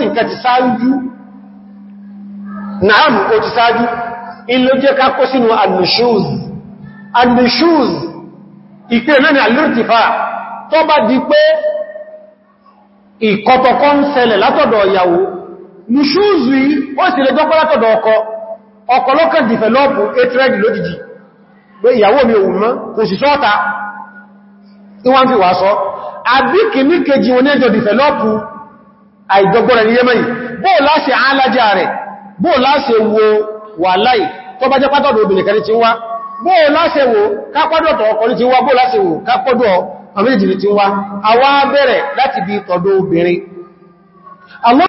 sì nǹkan ti sáájú naam ó ti sáájú ilé jẹ́ ká kó sínú al-nushuz al-nushuz ìpé náà ni al-irtifa tó bá di pé ìkọtọ̀kọ́ ń ṣẹlẹ̀ látọ̀dọ̀ ìyàwó nùṣúùzù yìí ó sì lè jọ́pọ̀ látọ̀dọ̀ ọkọ ọkọ lọ́kàn dìfẹ̀lọ́pù etrẹ́dì lójijì pé kejì wọn ní ẹjọ́ dìfẹ̀lọ́pù àìjọgbọ́rẹ̀ ní yẹ́mẹ̀yìn bóò láṣẹ alájá rẹ̀ bóò láṣẹ wo wà láì tó bá jẹ́ pátọ̀dọ̀ obìnrin kan ti wá bóò láṣẹ wo kápọ́dọ̀ tọ̀ọkọ̀rin ti wá bóò ọkọ wo kápọ́dọ̀ àmìjìnì ti wá àwa bẹ̀rẹ̀ láti bí tọ̀dọ̀ obìnrin àmọ́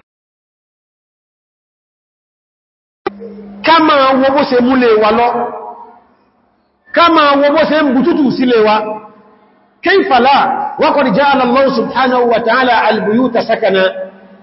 ká máa wo bó ṣe múlé wa lọ ká máa wo bó wa sakana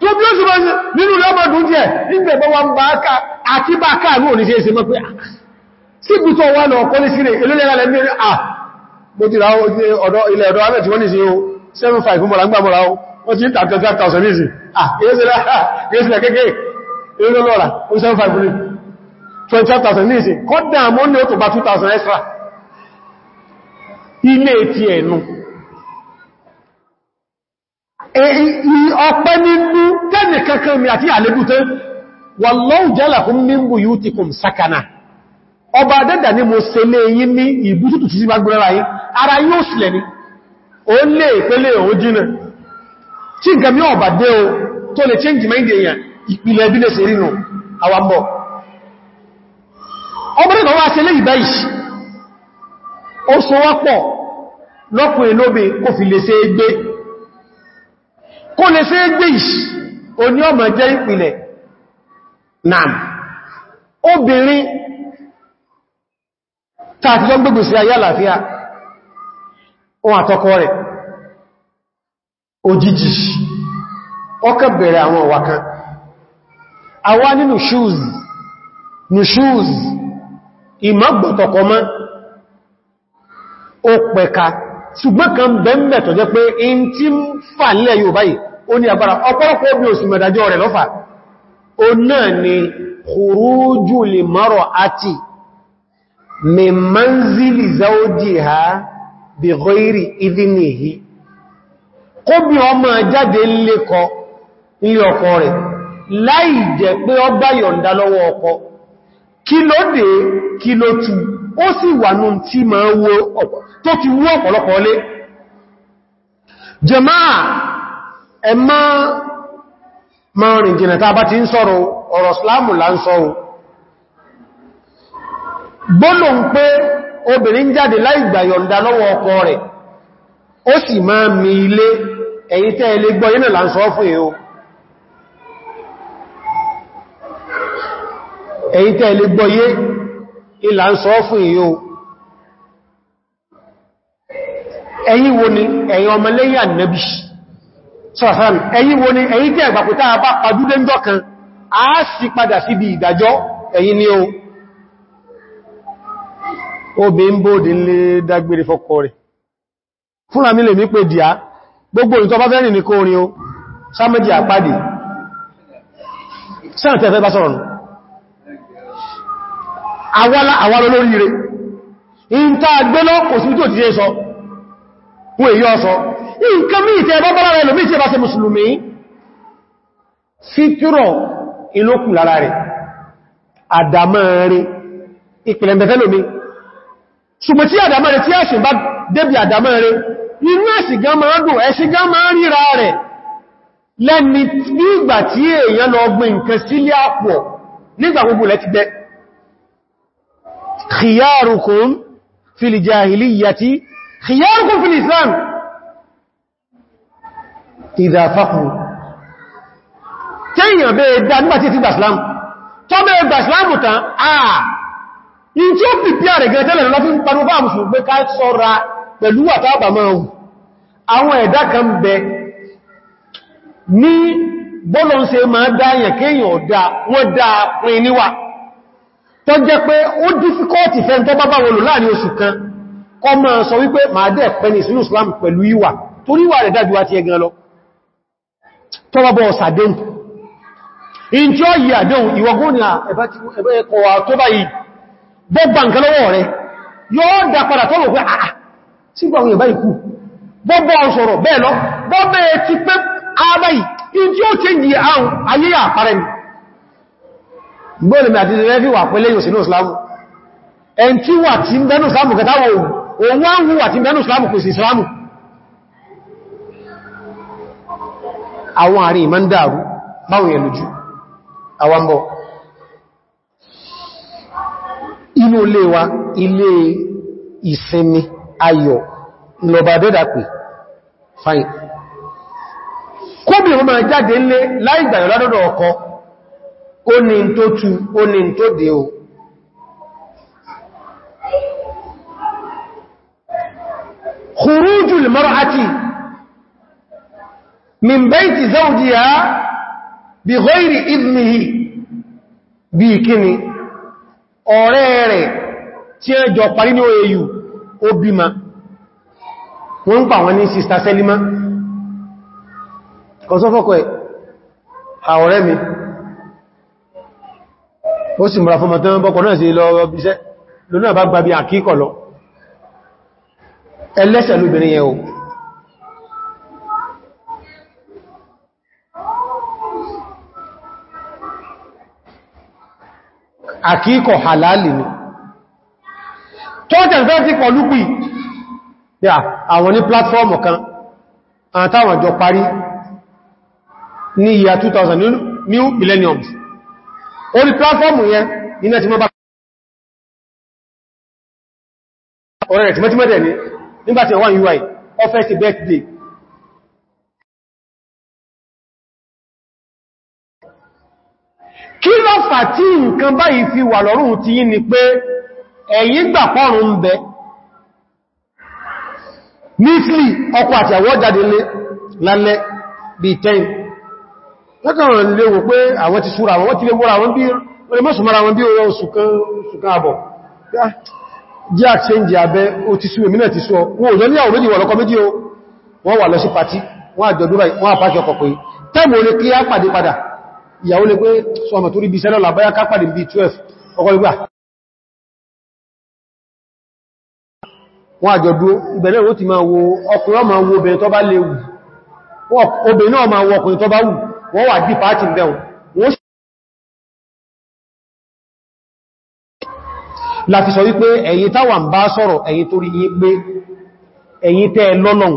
tó bí ó sì máa nínú lọ́mọdún jẹ́ nígbẹ̀bọ́ wọn bá ká àti bá ká ní òní ṣe mọ́ pé ah, síbù tó wà náà kọ́ ní sílẹ̀ ilẹ́lẹ́lẹ́ mẹ́rin à mo ti ra ilẹ̀ ọ̀dọ́ amẹ́ o 75 fún mọ́ra ń gbà mọ́ra o wọ́n ti ń tàbí 5,000 ní ìsìn ah ìyẹ́sìlẹ̀ ah, kéèkéè ìrìnlọ́lọ́ra ó 75 ní 25,000 ní ìsìn kọ́dà mọ́ ní ó tó bá 2,000 extra ọpẹ́ nínú tẹ́nì kankan mi àti àlébù tẹ́ wallahu jalakum min buyutikum sakana ọba adẹ́dà ni mo se lé yín ní ìbútútù tí sí bá gbọ́nà ara yóò sílẹ̀ ni ó lè pẹ́lẹ̀ ó jìnà tí n kàmí ọba dé o tó lè change mind èèyàn ìpìlẹ̀ bí lè wá se lé ìbáyìí so kò fi kó lè ṣe gbìs oní ọmọ jẹ́ ìpìlẹ̀ náà obìnrin tààtìjọ gbogbo sí ayé àlàáfíà ohun àtọkọ rẹ̀ òjijì ọkà bẹ̀rẹ̀ àwọn ọ̀wà kan shoes ní shoes nushuz mọ́ ó pẹ̀ka ṣùgbọ́n kan bẹ̀m̀bẹ̀ tó jẹ́ pé in tí ń fà nílẹ̀ yóò báyìí ó ní agbára ọ̀pọ̀lọpọ̀ bí òsì mẹ̀dájọ́ rẹ̀ lọ́fà ó náà ni khuruju li mar'ati min manzili zawjiha bi ghairi idhnihi kó bí ọmọ jáde kí ló dé kí ló tú ó sì wà nù tí ma wo tó ti wú ọ̀pọ̀lọpọ̀ lé jẹmáà ẹmá ma rìn jìnà tàbá ti ń sọ̀rọ̀ ọ̀rọ̀ islamu là ń sọ̀rọ̀ gbọ́nà ń pé obìnrin jáde láì gbàyọ̀ǹda lọ́wọ́ ọkọ rẹ̀ ó sì máa mi ilé ẹ̀yí tẹ́ ilé gbọ́ yínà là ń sọ fún èó ẹ̀yí tẹ́ ilé gbọ́ yé ìlà ń sọ fún ìyó ẹ̀yin wo ni ẹ̀yin ọmọlẹ́yìn ànẹ́bì sọ̀sán ẹ̀yin wo ni ẹ̀yin tí ẹgbàkútà bá pàdúdé a sì padà síbi bi ẹ̀yin ni o obì ń bóòdì lè dágbére fọ́kọ rẹ̀ fúnra mi lè mí gbogbo ìtọ́ bá orin o àwọn olórin rẹ̀ in ta gbẹ́lọ́ kò sí tó ti yẹ sọ wọ́n èyí ọsọ nǹkan mí ìtẹ́ ẹbọ́ bọ́lára ẹlòmí tí ẹ bá ṣe mùsùlùmí fítúrọ̀ ilókù lára rẹ̀ àdàmọ́ rẹ̀ ìpìlẹ̀ mẹ́fẹ́ lómi ṣùgbọ́n tí àdàmọ́ rẹ̀ tí ẹ̀ṣìn bá débi àdàmọ́ rẹ̀ inú ẹ̀sìn gan máa dùn khiyarukum fil jahiliyyati khiyarukum fil islam idha faqru tẹ́yìn bẹ́ ẹ̀dá nígbàtí ti gbà islam tó bẹ́ gbà islam tán àà in tí ó pìpí àrẹ̀ gẹ̀rẹ̀ tẹ́lẹ̀ lọ fi ń parú bá mùsùlùmí pé ká sọ́ra pẹ̀lú àtàbà máa hù àwọn ẹ̀dá kan bẹ ní bọ́lọ́n se máa dáyàn kéèyàn ọ̀dá wọ́n dáa pin níwà tó jẹ́ pé ó dífíkọ́ọ̀tì fẹ́ tó bábá wọlò láàrin oṣù kan kọ ma sọ wípé máa dẹ̀ pẹ́ ní ìsinú Islam pẹ̀lú ìwà tó níwà rẹ̀ dájú àti ẹgbẹ̀rẹ̀ lọ tó bábá ọ̀sàdéhùn in tí ó yí àdéhùn ìwọ̀gónìyà ẹ̀kọ́ tó bá yìí bọ́bá nǹkan lọ́wọ́ rẹ̀ yóò dá padà tó rò pé àà ah, ah, tí yìí ah, àrùn ayé àpárẹ́ni gbọ́nà àti ìrẹ́fì wà pẹ́lẹ́ yóò sínú islamu ẹn tí wà tí ń islamu kẹtàwọ̀ òun wá wà tí ń islamu kò sí islamu àwọn àrin ìmọ̀ ń dàrú báwọn yẹ lójú àwọn bọ̀ ilé ayọ̀ pé ó ní tó tú ó ní tó dé o khurujul mar'ati min bayti zawjiha bi ghayri idnihi bí kíni ọ̀rẹ́ rẹ̀ tí ẹ jọ parí ní oyeyu ó bímá wọ́n ń pa wọn ní sista selima kọsọ́fọ́kọ̀ ẹ̀ àwọ̀rẹ́ mi ó sì múra fún mọ̀tán bọ́kọ̀ náà sí lọ ọbíṣẹ́ lónà bá gbàbí àkíkọ̀ lọ ẹlẹ́sẹ̀ lóbìnrin yẹn o àkíkọ̀ halali ni tó jẹ́ ti pọ̀ lúpì yà àwọn ní pláfọ́ọ̀mù kan àtàwọn jọ parí ní ìyà 2000 new millenniums orí platform yẹn iná ti mọ́ bá ọ̀rẹ́ rẹ̀ tìmẹ́tìmẹ́tẹ̀ ní nígbàtí ọwá ui ọfẹ́ birthday kí ló fà tí nǹkan báyìí fi wà lọ́rùn ti yí ni pé ẹ̀yin gbà ń bẹ nífìlì ọkọ̀ àti àwọ́ jáde lálẹ́ 10 lọ́kàn lè wò pé àwọn ti súra wọn ti lè wọ́ra wọn bí wọ́n lè mọ́ súnmọ́ra wọn bí o yọ ṣùkan àbọ̀ jẹ́ àṣẹ́ǹjì abẹ́ o ti sú èmìnà ti sú ọ wọ́n ò lọ́lẹ́ àwọn méjì wọ̀ lọ́kọ́ méjì o wọ́n wà lọ sí pàtí wọ́n àjọ̀dúrà wọ́n àpáṣọ ọkọ̀ pé tẹ́mù lè kí á pàdé padà ìyàwó lè pé sọmọ̀ tó rí bí àjọ̀dú wọ́n wà dí pàátì mẹ́un wọ́n sì láti sọ wípé ẹ̀yin táwà ń bá sọ̀rọ̀ ẹ̀yin torí yín pé ẹ̀yin tẹ́ lọ́lọ́un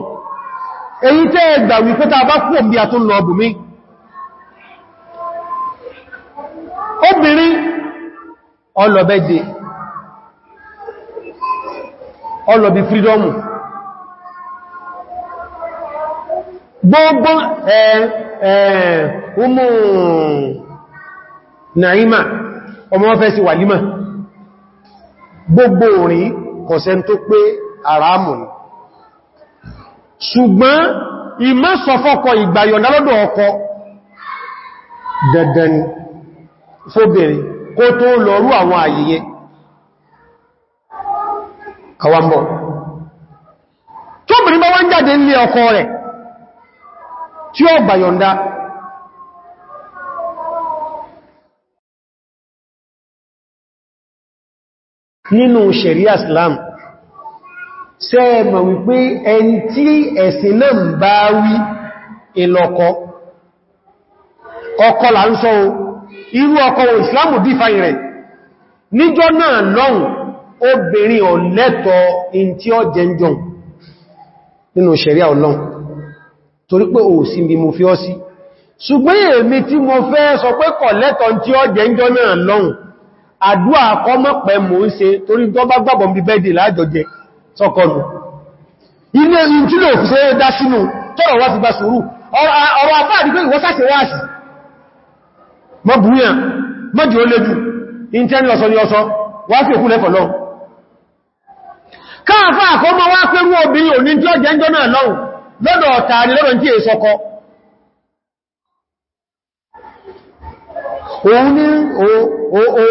ẹ̀yin tẹ́ gbà wípé ta bá kú òmìyà tó lọ ọbùnmí obìnrin ọlọ̀bẹ́dẹ̀ ọlọ̀bí fírídọ́mù gbogbo ẹ̀ ọmọ ụmụ ọmọ fẹ́ sí wàlímà gbogbo orin kọ̀sẹ̀ tó pé àràmù ni ṣùgbọ́n ìmọ́ sọfọ́kọ ìgbàyọ̀ndà lọ́dọ̀ ọkọ dandan fóbìnrin kó tó lọ́rú àwọn àyíyẹ àwambọ̀ tóbìnrin bá wọ́n jáde nílé ọkọ rẹ̀ tí ó gbàyọ̀ndá nínú ṣẹ̀ríà Islam ṣe mọ̀ wípé ẹni tí ẹ̀sìn náà ń bá wí ìlọ́kọ ọkọ là ń sọ irú ọkọ wo Islam dífàì rẹ̀ níjọ́ náà lọ́hùn obìnrin ọ̀lẹ́tọ̀ in tí ó jẹ́ jọun nínú ṣẹ̀ríà Ọlọ́hun torí pé ò sí bí mo fi ọ́ sí ṣùgbọ́n èmi tí mo fẹ́ sọ pé kọ̀ lẹ́tọ̀ tí ó jẹ́ ìjọ náà lọ́hùn àdúà kọ́ mọ́ pẹ́ mò ń ṣe torí tó bá gbàgbọ́ bí bẹ́ẹ̀dì láàjọjẹ sọ́kọlù ilé ìjúlò òfìsẹ́ dá sínú tọ́rọ wá fi bá sùúrù ọ̀rọ̀ àfáàdì pé ìwọ́sàṣẹ́ wá sí mọ́ búrúyàn obìnrin òní tí ó jẹ́ ìjọ náà lọ́hùn lọ́dọ̀ ọ̀ta ni lọ́dọ̀ tí è sọ́kọ́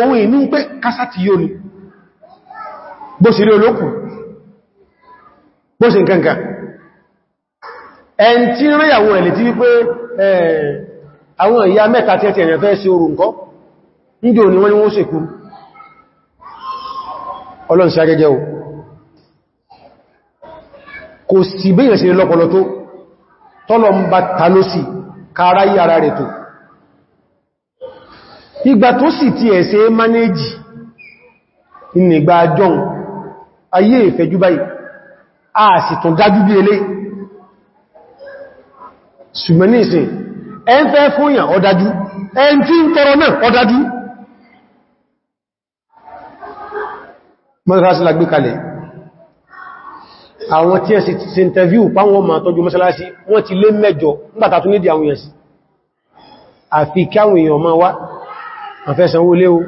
òun ìní pé kásá ti yóò ní bó sì rí olókù bó sì nkankan ẹn tí rí àwọn ẹ̀lẹ̀ tí wípé àwọn ìyá mẹ́ta tí ẹ̀tì ẹ̀rẹ̀ sí orù nǹkan nídò ni wọ́n ni wọ́n sèkú ọlọ́nṣẹ́ agẹ́gẹ́ o kò sí bí ìrẹsìnlẹ̀ lọ́pọlọ tó tọ́lọ ń bá tàlósì kára yí ara rẹ̀ tó ìgbà tó sì ti ẹ̀ṣẹ́ manéjì ìnìgbà john ayé ìfẹ́jú báyìí a sì tún dájú bí elé ṣùgbọ́n ní ìsìn ẹn fẹ́ fún ìyàn ọdájú ẹn tí ń tọrọ náà ọdájú mọ́sílásílá àwọn tí ẹ sì interview páwọn ma tọ́jú mọ́sálásí wọ́n ti lé mẹ́jọ nígbàtà tún nídi àwọn èèyàn sí àfi kí àwọn èèyàn ma wá àfẹ́sanwó lé o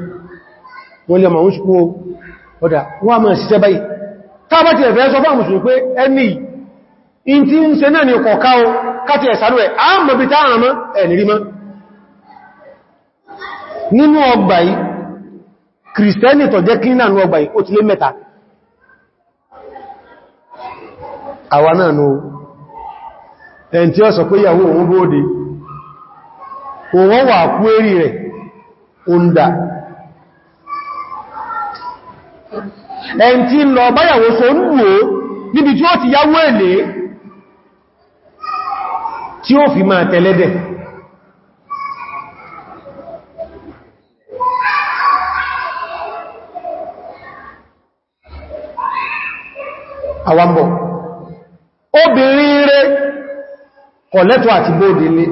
wọ́n lè ma ń ṣùkú ọ̀dà wọ́n ma ṣiṣẹ́ báyìí tábà ti ẹ̀fẹ́ sọ fún àmùsùn pé ẹni in ni kọ̀ọ̀ká o káti ẹ̀sàrú ẹ̀ a àwa náà nù ẹn tí ó sọ pé ìyàwó òun bóòdé òun wà kú èrí rẹ̀ òǹdà ẹn tí lọ báyàwó so ń níbi tí ó ti yáwó èlé tí ó fi máa tẹ̀lẹ́dẹ̀ àwambọ̀ obìnrin rẹ̀ kọ̀lẹ́tọ̀ àti bóòdì ní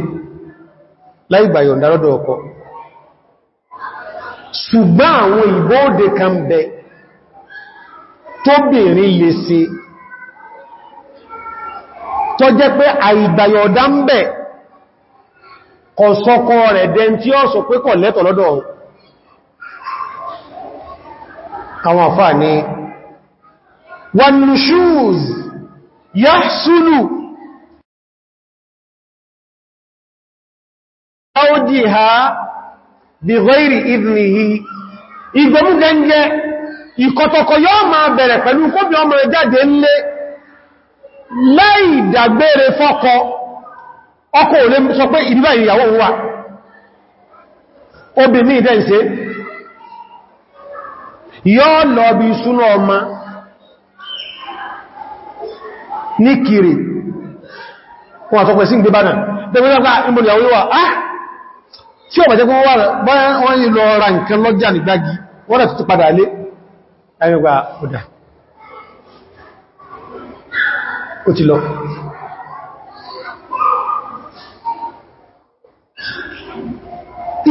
láì gbàyọ̀ǹda ọkọ ṣùgbọ́n àwọn ìbóòdì kan bẹ tóbìnrin lè ṣe tó jẹ́ pé ọ̀dá ń bẹ kọ̀sọ́kọ rẹ̀ dẹn tí يحصل أوديها بغير إذنه ìgbọ̀mú gẹ́ngẹ́ ìkọ̀tọ̀kọ̀ yóò máa bẹ̀rẹ̀ pẹ̀lú kóbi ọmọ rẹ̀ jáde ńlé láì fọ́kọ ọkọ ò sọ pé ìbíbà ìyàwó wà obìnrin ìdẹ́ǹsẹ́ yóò lọ bí súnú ọmọ ní kiri wọn àtọ́pẹ̀ sí gbé bánà bẹ̀rẹ̀ nípa ìbòlì àwọn ìwà ah tí ó bàjẹ́ kún wọ́n yí lọ ra nǹkan lọ́jà wọ́n tuntun padà ti lọ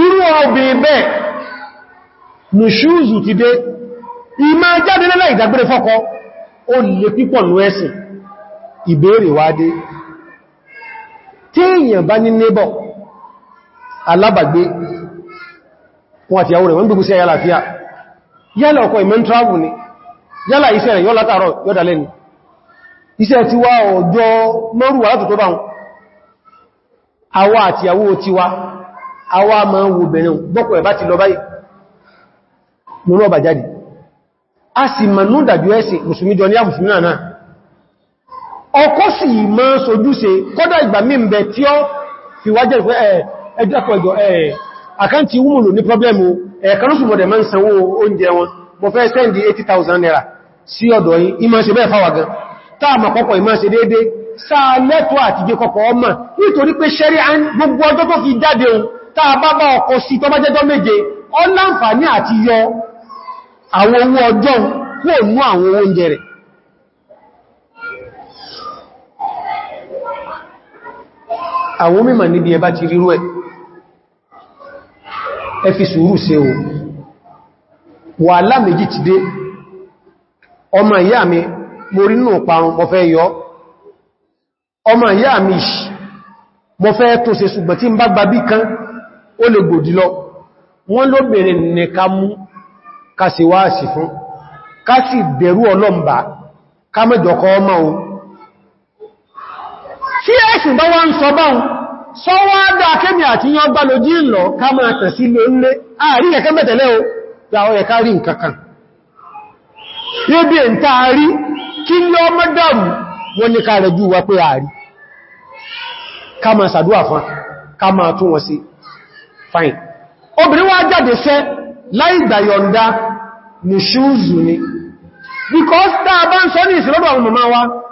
irú bẹ́ẹ̀ ti dé ìmá jáde lẹ́lẹ́ ìbéèrè wádé tí èyàn bá ní nébọ̀ alábàgbé wọn àti àwọn rẹ̀ wọ́n gbogbo sí ayálàfíà yálà ọkọ̀ ìmẹ́ travel ni yálà iṣẹ́ rẹ̀ yọ́ látàrọ yọ́dálẹ́ ni iṣẹ́ ti wá ọjọ́ mọ́rùwà látòtò bá wọn àwa àti àwó ti wá àwa ma ń wo bẹ̀rẹ̀ bọ́kọ̀ ẹ̀ ti lọ báyìí lọ́rọ̀ bà jáde a sì mọ̀ ní ìdàjú ẹ̀sìn mùsùlùmí jọ ní àmùsùlùmí náà ọkọ́ sì mọ́ sojúṣe kọ́dá ìgbà mí bẹ̀ tí ó fi wájẹ́ ìpẹ́ eh, ẹjọ́kọ̀ ẹjọ́ eh, àkáǹtì wúmùlù ní pọ́blẹ́mù ẹ̀ẹ̀kanúsùmọ̀dẹ̀ eh, máa ń sanwó oúnjẹ wọn mo fẹ́ sẹ́ndì 80,000 naira sí ọ̀dọ̀ yìí ìmọ̀ ṣe bẹ́ẹ̀ fáwà gan táà mọ̀ kọ́kọ́ ìmọ̀ ṣe déédé sáà lẹ́tọ́ àti jẹ́ kọ́kọ́ ọmọ nítorí pé ṣẹ́rí án gbogbo ọjọ́ tó fi jáde ohun táà bá bá ọkọ̀ sí tó bá jẹ́jọ́ méje ọ láǹfààní àti yọ àwọn mímọ̀ níbi ẹbá ti rírú ẹ̀ ẹ fi sùúrù ṣe o wàhálà méjì ti dé ọmọ ìyá mi mo rí nù parun mo fẹ́ yọ ọmọ ìyá mi mo fẹ́ tó ṣe ṣùgbọ́n tí ń bá gba bí kan ó lè gbòdì lọ wọ́n lóbìnrin nìka mú ká sì wá sí fún ká sì bẹ̀rù ọlọ́mbà ká mẹ́jọkọ ọmọ ohun tí ẹ̀sùn bá wá ń sọ bá ń sọ wá àti yán bá lójí ìlọ ká máa tẹ̀ sí ló ńlé ààrí ẹ̀kẹ́ mẹ́tẹ̀lẹ́ o yàwó ẹ̀ká rí nkankan yóò ta rí kí lọ mọ́dàmù wọ́n ní ká rẹ̀ jú pé ààrí ká máa fine obìnrin wá jáde sẹ́ láì ni because tá a bá ń sọ ní wa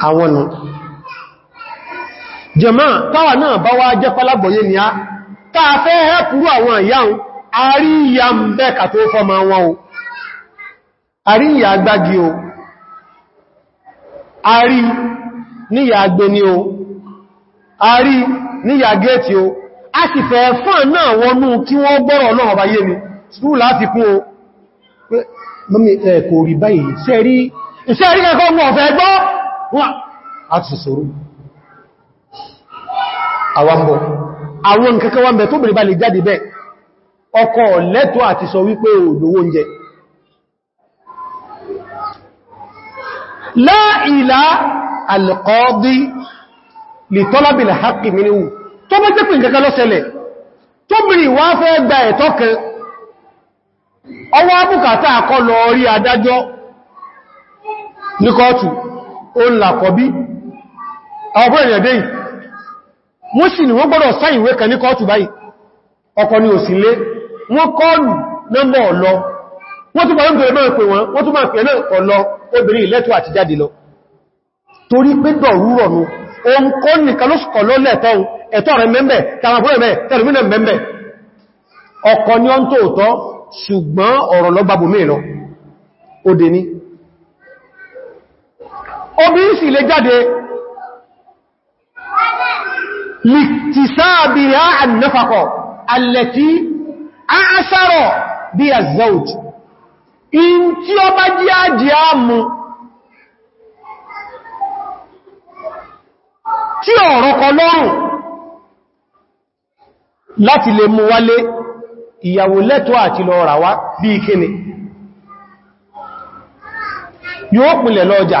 àwọn nù táwà náà bá wá jẹ́ pálágbòyé ni a táà fẹ́ hẹ́pùrú àwọn ìyáhùn àríyà ń bẹ́ kàtó fọ́mọ wọn o àríyà agbági o àrí níyà o àrí níyà gẹ́ẹ̀tì o a sì fẹ́ fún náà kí wọ́n gbọ́rọ̀ náà o Wa! sọ̀rọ̀ àwọn nǹkan kan tó bèèrè bá lè jáde bẹ́ ọkọ lẹ́tọ́ àti sọ wípé olówó oúnjẹ li talabil haqqi minhu tó bẹ́ jẹ́ pé nǹkan tó wá fẹ́ gba ẹ̀tọ́ kan ọwọ́ ó ń làkọ̀bí àwọn ọ̀rẹ́ ẹ̀dẹ́ yìí wọ́n sì ni wọ́n gbọ́dọ̀ sáyìn ìwé kan ní kọ́ọ̀tù báyìí ọkọ̀ ni òsìlé wọ́n kọ́ọ̀lù nọ́mbà ọ̀lọ́ wọ́n tún bọ̀rọ̀ bẹ̀rẹ̀ pé wọ́n wọ́n tún máa pẹ̀lẹ̀ ọ̀lọ́ obìnrin ìlẹ́tọ̀ àti jáde lọ torí pé dọ̀rúrọ̀ nu ni ó ń tóòtọ́ ṣùgbọ́n ọ̀rọ̀ lọ gbàbùmí lọ obi sì lè jáde lìtìsáàbì ha àdínáfàkọ̀ alẹ́tí aṣárọ̀ bí a zaud in tí ó bá jí ájí ámú tí ọ̀rọ̀ kọ lọ́rùn láti lè mú wálé ìyàwó lẹ́tọ́ àti lọ ràwá bí kíni yóò pìnlẹ̀ lọ́jà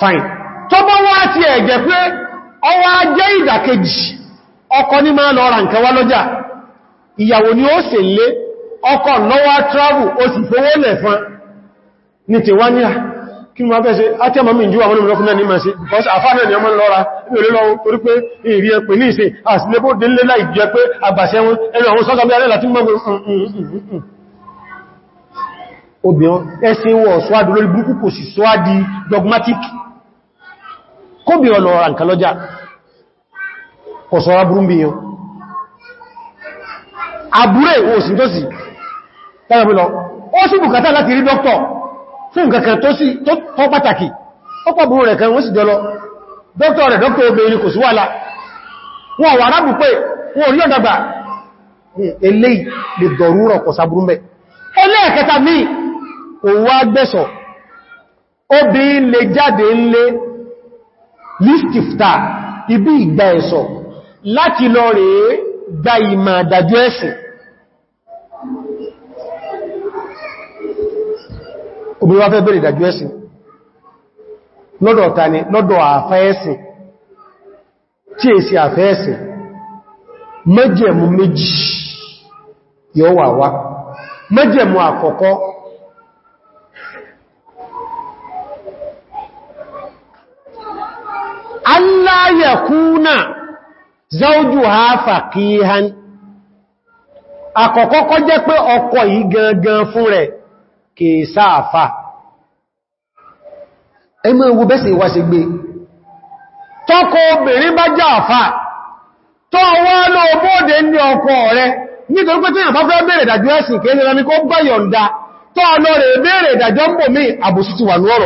fine tó bọ́ wá ti ẹ̀jẹ̀ pé ọwá jẹ́ ìdàkejì ọkọ ní máa lọ ra nǹkan wá lọ́jà ìyàwó ni ó sì lé ọkọ lọ́wọ́ travel ó sì fowó lẹ̀ fún ní ti wá ní à kí ni wọ́n fẹ́ ṣe àti àmàmì ìjú àwọn olùrọ̀kún náà ní máa ṣe because àfáàrẹ̀ ni ọmọ lọ́ra ní olè lọ́wọ́ torí pé ìrí ẹpẹ̀ ní ìṣe àsìlébó délé láì jẹ pé àgbàṣẹ́ wọn ẹnu àwọn sọ́sọ́ bí alẹ́ láti mọ́gbẹ̀ mm, mm, mm, obìnrin ẹsìn wọ̀ sọ́adù lórí burúkú kò sì sọ́adì dogmatic kó bí ọlọ ọ̀rà nǹkan lọ́jà ọ̀sọ̀rọ̀ burú bí yàn àbúrẹ̀ òsìn tó sì tẹ́rẹ̀bílọ ó sì bùkátà láti rí dókítọ̀ fún nǹkankan tó sì tó pàtàkì ọ̀pọ̀ burú rẹ̀ kan wọ́n sì jọlọ dókítọ̀ rẹ̀ dókítọ̀ obìnrin kò sí wàhálà wọn wà rábù lè dọ̀rúrọ̀ kọ̀ sàbúrú listifta ibi ìgbà ẹ̀sọ̀ láti lọ rẹ̀ gba ìmọ̀ àdájú ẹ̀sìn obìnrin wá fẹ́ bèèrè ìdájú ẹ̀sìn lọ́dọ̀ ọ̀ta ni lọ́dọ̀ àfẹ́ tí èsì àfẹ́ mẹ́jẹ̀mú méjì yóò wà wá mẹ́jẹ̀mú àkọ́kọ́ Allah ya kuna záójú ha fàkíhán ha kọ́ jẹ́ pé ọkọ yìí gangan fún rẹ̀ kìí sáàfà ẹmọ ewu bẹ́sẹ̀ wá sí gbé tọ́kọ obìnrin bá jẹ́ àfà tọ́ wá lọ bóòdé ní ọkọ rẹ̀ nítorí pé tíyàn bá fẹ́ bèèrè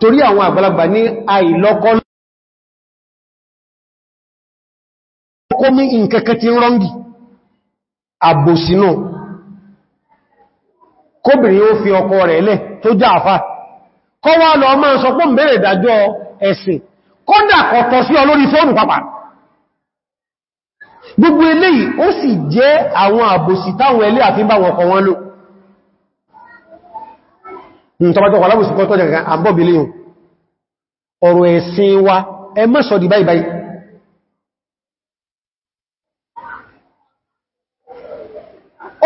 torí àwọn àgbàlagbà ní àìlọ́kọ́ lọ́kọ́ mí nkẹ́kẹ́ tí rọ́ngì àbòsínú kóbìnrin ó fi ọkọ rẹ̀ lẹ̀ tó já àfá kọ́ wá lọ ọmọ sọ pọ́ mẹ́rẹ̀ ìdájọ́ ẹ̀sìn kódà kọ̀tọ̀ sí olórí fóònù pàpà gbogbo eléyìí ó sì jẹ́ àwọn àbòsí táwọn ẹlé àfíbàwọn ọkọ wọn lò Hmm, tọbatọ̀ alábùsù kọ́ tọ́jà kan àbọ́bì lè yùn ọ̀rọ̀ ẹ̀sìn wa ẹ má sọ di báyìí báyìí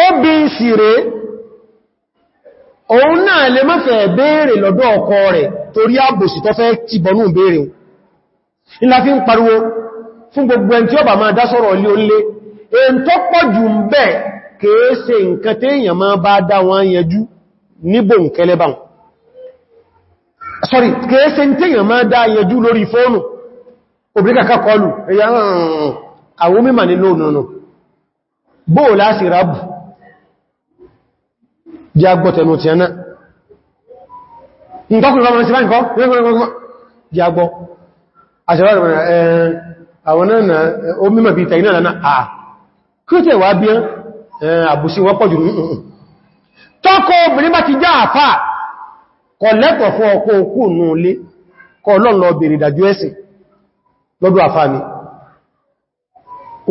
ó bí ń sì rẹ̀ òun náà lè má fẹ́ béèrè lọ́dọ̀ ọkọ rẹ̀ torí àbòsì tó fẹ́ tìbọnú béèrè ìlà fi ń pariwo fún gbogbo ẹn tí ó bà máa dá sọ̀rọ̀ ilé olé èyí tó pọ̀ jù ń bẹ kèése nǹkan téèyàn máa bá dá wọn yẹjú níbò ń kẹlẹ́bàn sorry kẹsẹ̀ ń tẹ́yàn máa dá yẹjú lórí fóònù obìnrin kọlù ẹ̀yà àwọn mímà ní lónàánà bóò láti rábù jẹ́ agbọ́tẹ̀nù ti ẹ̀nà ìtọ́kùnrin bá mọ́ sí báyìí kọ́ jẹ́ agbọ́ tọ́kọ obìnrin bá ti já àfà kò lẹ́tọ̀ fún ọkọ òkú nù lé kọ lọ́lọ́ bèèrè ìdàjú ẹ̀sìn lọ́dọ̀ àfà mi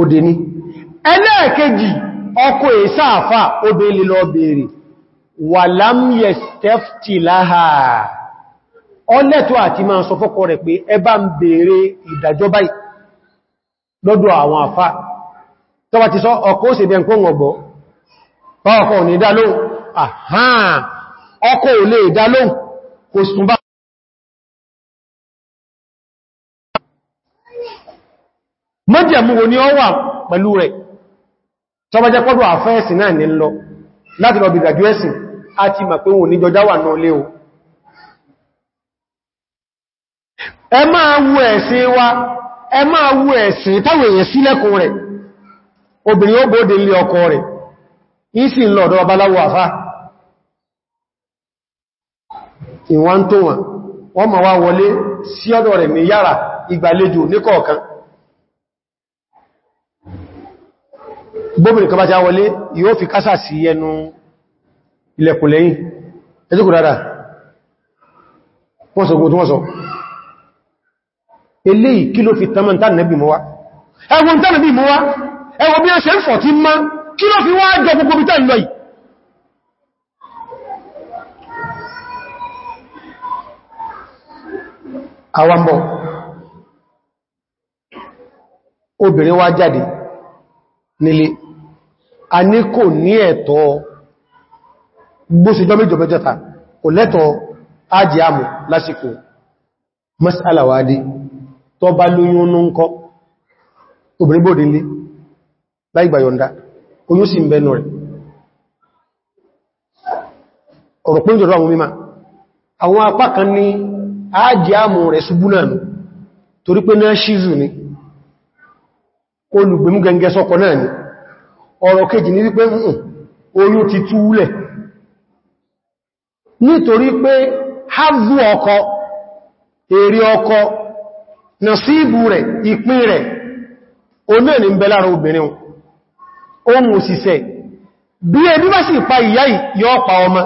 òdè ní ẹlẹ́ẹ̀kejì ọkọ èsà àfà obìnrin lọ bèèrè wà lámyẹ̀stẹ́ftì láhà ọlẹ́tọ̀ àti máa sọ fọ́kọ rẹ̀ pé ẹ lọ́dọ̀ àwọn àfà tọ́wà sọ ọkọ ó sì ọgbọ̀ ọkọ ò ní dá lóhùn àhán ole ò lè kò sùn ni ọ wà pẹ̀lú rẹ̀ tọ́bọ́jẹ́ pọ́dọ̀ àfẹ́ẹ̀sì náà ní lọ láti lọ bí graduation àti mà pé wọn ní jọjá wà náà lé o ẹ máa wu ẹ̀sìn wa ẹ máa wu ẹ̀sìn sílẹ̀kùn rẹ̀ obìnrin ó bóde ọkọ rẹ̀ ìsì lọ́dọ̀ babaláwo àfá ìwọ́n tó wọn wọ́n ma wá wọlé sí ọ̀dọ̀ rẹ̀ ní yàrá ìgbàlejò ní kọ̀ọ̀kan gbóbìnrin kan bá já wọlé yóò fi kásà sí ẹnu ilẹ̀kùn lẹ́yìn ẹjíkù dáadáa wọ́n sọ gbogbo wọ́n sọ eléyìí kí ló fi tamantánàbì mọ́wá ẹwọ́n tánàbì mọ́wá ẹwọ́ bí ẹ ṣe ń fọ̀ tí máa kí ló fi wá jọ gbogbo bítà ìlọ yìí àwambọ̀ obìnrin wá jáde nílé a ní kò ní ẹ̀tọ́ gbóṣejọ́ méjọ mẹ́jọta kò lẹ́tọ̀ ájì àmù lásìkò mas'alawadi tó bá lóyún ní ń kọ́ obìnrin bòdínlé láìgbà yọ̀nda oyó sì ń bẹnu rẹ̀ ọ̀rọ̀ pín jọ̀rọ̀ àwọn mímá àwọn apá kan ní ájì àmù rẹ̀ ṣubú náà nù torí pé náà ṣízù ni olùgbèmú gẹngẹ sọ́kọ náà ni ọ̀rọ̀ kejì ní wípé mú ti túúlẹ̀ nítorí pé ọkọ èrè ọkọ nà sí ìbú rẹ̀ ìpín rẹ̀ onáà ń bẹ lára obìnrin ohun òsìsẹ̀ bí ẹbí bá sì pa ìyá yọ pa ọmọ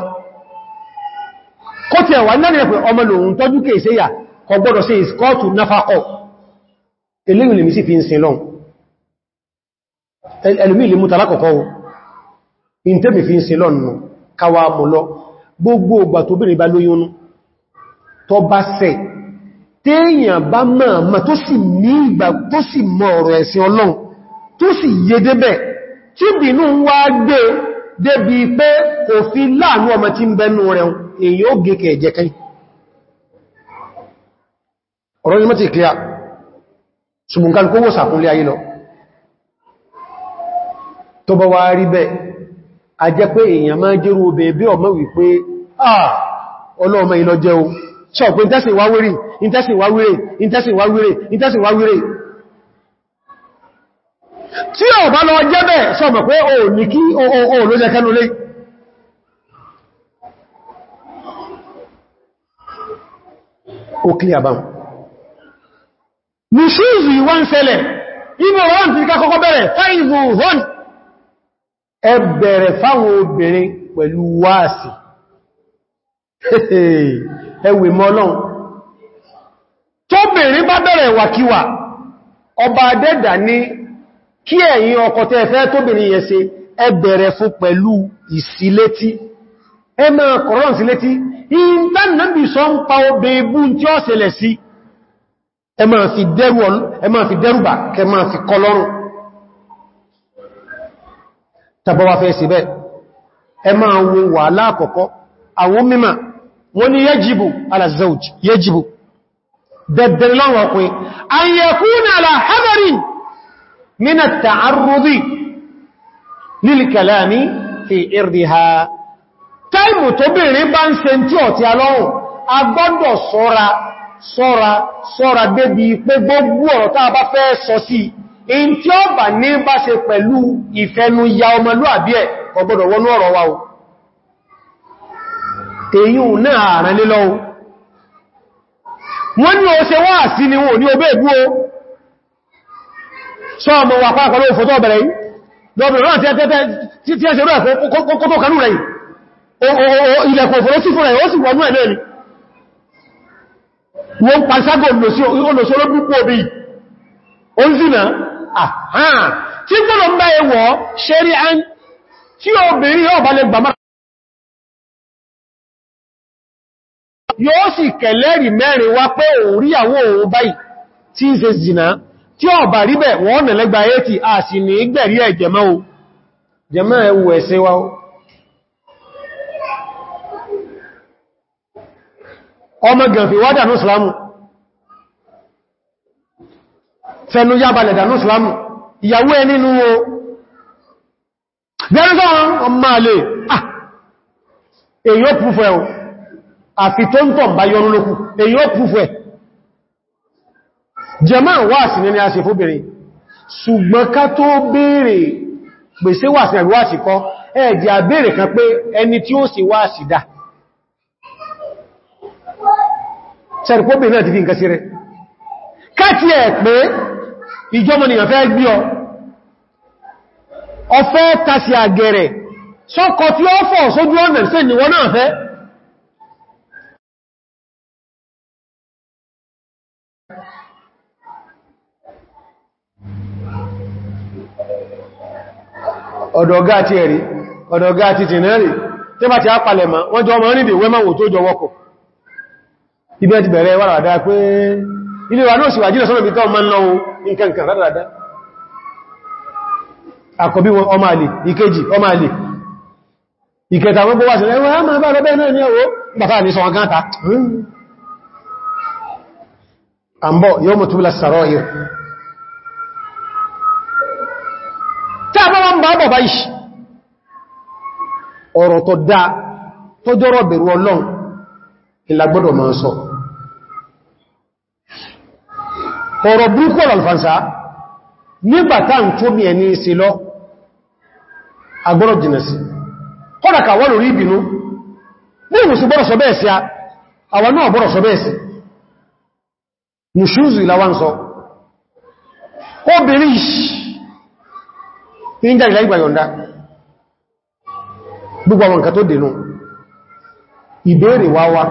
kó ti ẹ̀wà náà rẹ̀ pé ọmọ lòun tọ́jú kèèsé yà kọ gbọ́dọ̀ sí ìskọ́ọ̀tù náfàkọ́ eléyìn lè mí sí fi ń sin lọ ẹlùmí lè mú tàlákọ̀ọ́kọ́ in tẹ́bì fi ń sin lọ nù káwà mọ̀ lọ gbogbo ògbà tó bèèrè bá lóyún tó bá sẹ̀ téèyàn bá máa tó sì mọ̀ ọ̀rọ̀ ẹ̀sìn ọlọ́run tó sì yé débẹ̀ tí bínú wá gbé débi pé kò fi láàánú ọmọ tí ń bẹnu rẹ̀ èyí ó gẹ́kẹ̀ ẹ̀jẹ̀ kan ọ̀rọ̀ ni mọ́tí kíyà ṣùgbùnkan kó wó sàkúnlé ayé lọ tó bá wá rí bẹ́ a jẹ́ pé èèyàn máa jẹ́rú obè bí ọmọ wípé ah ọlọ́ọ̀mọ tí ò bá lọ jẹ́ bẹ̀ sọ̀bọ̀ pé o ní kí o ló jẹ́ kẹnu lé ó kí àbáhùn ní ṣúùzù ìwọ́n ṣẹlẹ̀ inú ọ̀rọ̀ ti ká kọ́kọ́ bẹ̀rẹ̀ fáìzù hàn ẹ bẹ̀rẹ̀ fáwọn obìnrin pẹ̀lú wáàsì ẹwẹ̀ mọ́lọ́n tó bá bẹ̀rẹ̀ wàkíwà ọba adẹ́dà ní kí ẹ̀yin ọkọ tẹ́ fẹ́ tóbìnrin yẹn ṣe ẹ bẹ̀rẹ̀ fún pẹ̀lú ìsìlétí ẹ máa kọ̀rọ̀ ìsìlétí ìntànàbì sọ ń pa obè ibú tí ó ṣẹlẹ̀ sí ẹ máa fi dẹ́rùbà kẹ máa fi kọlọ́rùn tàbọ́wà fẹ́ sí bẹ́ẹ̀ ẹ máa wo من التعرض للكلام في إردها táìmù tó بان bá ń ṣe tí ọ̀tí alọ́run a gbọ́dọ̀ ṣọ́ra ṣọ́ra ṣọ́ra débi pé gbogbo ọ̀rọ̀ tàà bá fẹ́ sọ sí in tí ó bà ní bá ṣe pẹ̀lú ìfẹnuyà ọmọlúàbí ẹ̀ kò wọnú ọ̀rọ̀ wa o èyíun náà àrẹ́lélọ́wọ́ wọ́n ní ó ṣe wá sọ ọmọ wà pàápàá ló fòtọ́ bẹ̀rẹ̀ yìí lọ́bìnrin náà tí ẹ́ ṣe rẹ̀ kó tó kanú rẹ̀ ilẹ̀kùn òfòró o fún rẹ̀ ó sì ni wọ́n pàṣágò olóṣòro púpọ̀ bí o tí gbọ́nà ń yóò sì kẹ̀lẹ́rì mẹ́rin wá pé òun ríyàwó òun báyìí tí ń tí ó bà rí bẹ̀ wọ́n nà lẹ́gbà 80 a sì ní gbẹ̀rí ẹ̀ jẹmọ́ o jẹmọ́ ẹwù ẹ̀ṣẹ́ wa o ọmọ gẹ̀fẹ̀ wá dànú islamu fẹnu yá dànú islamu ìyàwó ẹ nínú o gẹ́rẹ́sọ́ ọmọ jẹmọ́ wáàsí ní a ṣe fóbìnrin ṣùgbọ́n ká tó béèrè pèsè wáàsí àbí wáàsí kọ́ ẹ̀dì àbèèrè kan pé ẹni tí ó sì wáàsí dá ṣẹ̀rìpóbìnrin náà ti fi nǹkan sí rẹ̀ káàkì ẹ̀ pé ìjọmọ̀ ọ̀dọ̀gá ti ẹ̀rí ọ̀dọ̀gá ti tìnẹ́rì tí bá ti á palẹ̀ ma wọ́n jọ mọ́rin dè wẹ́mọ̀wò tó jọ wọ́kọ̀ ibẹ̀ ti bẹ̀rẹ̀ wà rádá pé ilé wa náà sì wà jìnà sọ́nà bítọ́ ma ń lọ nǹkan kan rádá àkọ́bí wọn ọmọ àlè ìkejì ọmọ àlè ìkẹta wọn bó wà sílẹ̀ wọ́n á máa bá rọ́bẹ́ bá bàbá ìṣì ọ̀rọ̀ tó dá tó jọ́rọ̀ bẹ̀rù ọlọ́run ìlàgbọ́dọ̀ máa sọ ọ̀rọ̀ burúkú alfànsá nígbàtá ń tó bí ẹni sí lọ agbọ́rọ̀ jìnà sí kọ́dàkà wọ́n lórí ìbínú obìnrin yìí ní jáde láì dị nụ ìbéèrè wá wá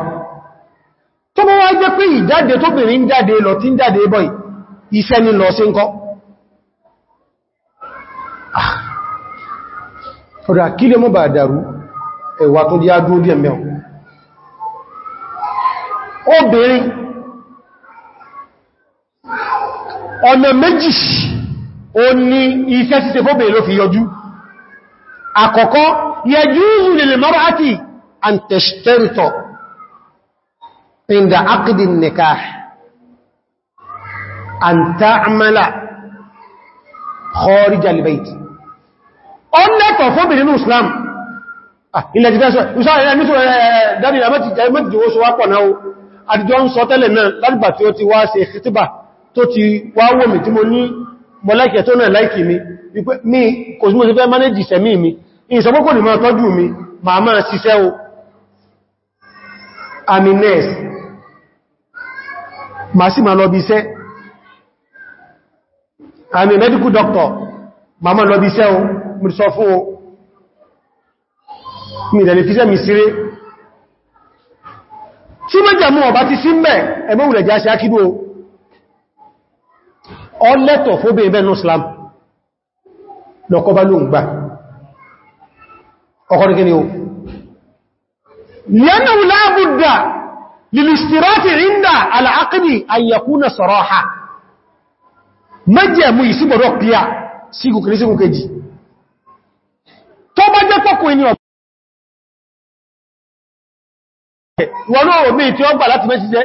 tó mọ́ wá jẹ́ pé ìjáde tó bèèrè ń jáde lọ tí ń jáde bọ́ iṣẹ́ ni lọ sí ń kọ́ ah. ọ̀rọ̀ àkílẹ̀ mọ́ bà dàrú ó ní iṣẹ́ ṣíṣe fóbè ló fi yọjú àkọ́kọ́ yẹjúúzù lil mar'ati an tashtarita inda aqdi an-nikah an ta'mala kharija al-bayt ó lẹ́tọ̀ fóbè nínú Islam ah, ilẹ̀ ti fẹ́ṣọ́ ìṣàrẹ̀ ẹni tó rẹ̀ dárí àmẹ́tìjẹwó sọ wápọ̀ náà ti wá ṣe ìtìbà tí mo ní mọ́ láìkì ẹ̀tọ́ náà láìkì mi wípé mi kò sí mo ti fẹ́ mánéjì sẹ̀mí mi ìsọpọ́kò ní máa tọ́jú mi máa máa ṣiṣẹ́ o àmì nẹ́ẹ̀sì máa sì máa lọ bí iṣẹ́ àmì medical doctor máa máa lọ bí iṣẹ́ o mo sọ fún o mi ìdẹ̀lẹ̀ fi sẹ́mi síré tí mẹ́jà mú ọ̀bá ti sí mẹ́ ẹgbẹ́ ọlẹ́tọ̀ fóbẹ̀ ibẹ̀ ní islam lọ́kọ́ bá ló ń gbà ọkọ̀rin kí ni ó lẹ́nà lábúdà lìlìstirati ríndà al'aqidi ayyakuna sọ̀rọ̀ha mẹ́jẹ̀mú ìsígbọ̀dọ̀ pìyà sígùn kejì tó bá jẹ́ pọ́kù ẹni tí wọ́n gbà láti mẹ́síṣẹ́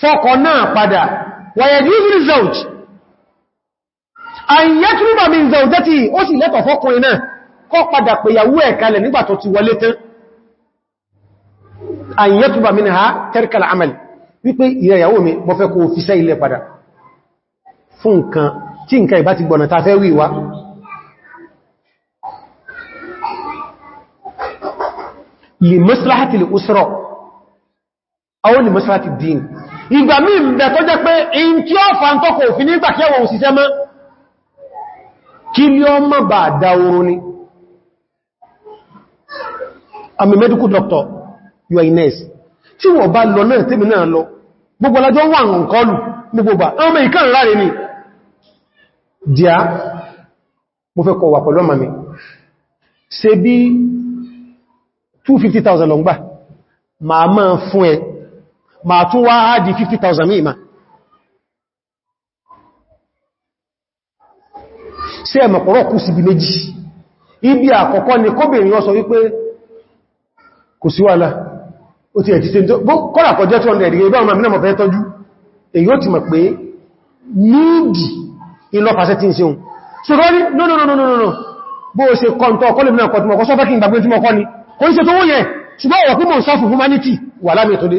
fọ́kọ̀ náà padà wàyẹ̀dúrí zauj àyẹ́túrúbà mi zaujẹ́tì ó sì lẹ́tọ̀ fọ́kùnrin náà kọ́ padà pèyàwó ẹ̀ kalẹ̀ nígbà tó ti wọlé tán àyẹ́túrúbà mi ha tẹ́rkàlà amal wípé ìyàwó mi mo fẹ́ kó fisẹ́ ilẹ̀ padà fún nǹkan tí nǹkan ìbá ìgbà mí ìbẹ̀ tó jẹ́ pé in tí ó fa ń tọ́kọ̀ òfin nígbà kí ẹwọ̀n òsìsẹ́ mọ́ kí ní ọmọ bà dá oorun ni I'm medical doctor you are nurse tí wọ́n bá lọ náà tẹ́mi náà lọ gbogbo alájọ́ wà nǹkọlù gbogbo ọmọ ìkàn ni díá mo fẹ́ kọ̀ wà pẹ̀lú ọmọ mi ṣe bí 250,000 lọ ń máa fún ẹ ma tún wá áàdì 50,000 míì ma sí ẹ̀mọ̀ pọ̀rọ̀ kú sí ibi méjì ibi àkọ́kọ́ ni kóbìnrin wọ́n sọ wípé kò sí wàhálà ó ti ẹ̀tí tẹ́ntọ́ kọ́rà kọjẹ́ 200 ìgbẹ́ ìbá ọmọ mìírànmọ̀ fẹ́ tọ́jú èyí ó ti mọ̀ pé níìdì ìlọ́pàṣẹ́ tí ń seun so rọ́rí no no no no no bó ṣe kọ́ntọ́ ọkọ́ lè mìíràn kọ́ tí mọ̀kọ́ sọ́fẹ́kì ìgbàgbé tí mọ̀kọ́ ni kò ń ṣe tó wó ṣùgbọ́n ọ̀pí mọ̀ sọ́fù humanity wà lámì tó dé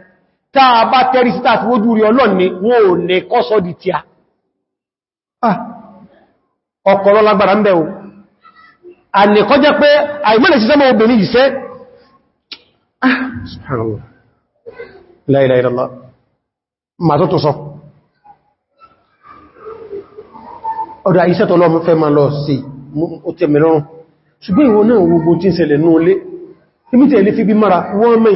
táa bá tẹ́rí síta ti wójú rí ọlọ́n ni wọ́n ò ní kọ́ sọ di tí a ah, ọkọ̀rọ̀ lágbàrá ń bẹ̀ o a ní kọ́ jẹ́ pé àìmọ́lẹ̀ sí sọ́mọ́ obìnrin yìí ah, la ilaha illallah ma tó tó sọ ọ̀dọ̀ àìsẹ́ tọ́lọ́ fẹ́ ma lọ sí ó tẹ́ mẹ́rọrùn ṣùgbọ́n ìwọ náà gbogbo tí ń ṣẹlẹ̀ ní olé ibi tẹ̀lé fi bí mara wọ́n mẹ́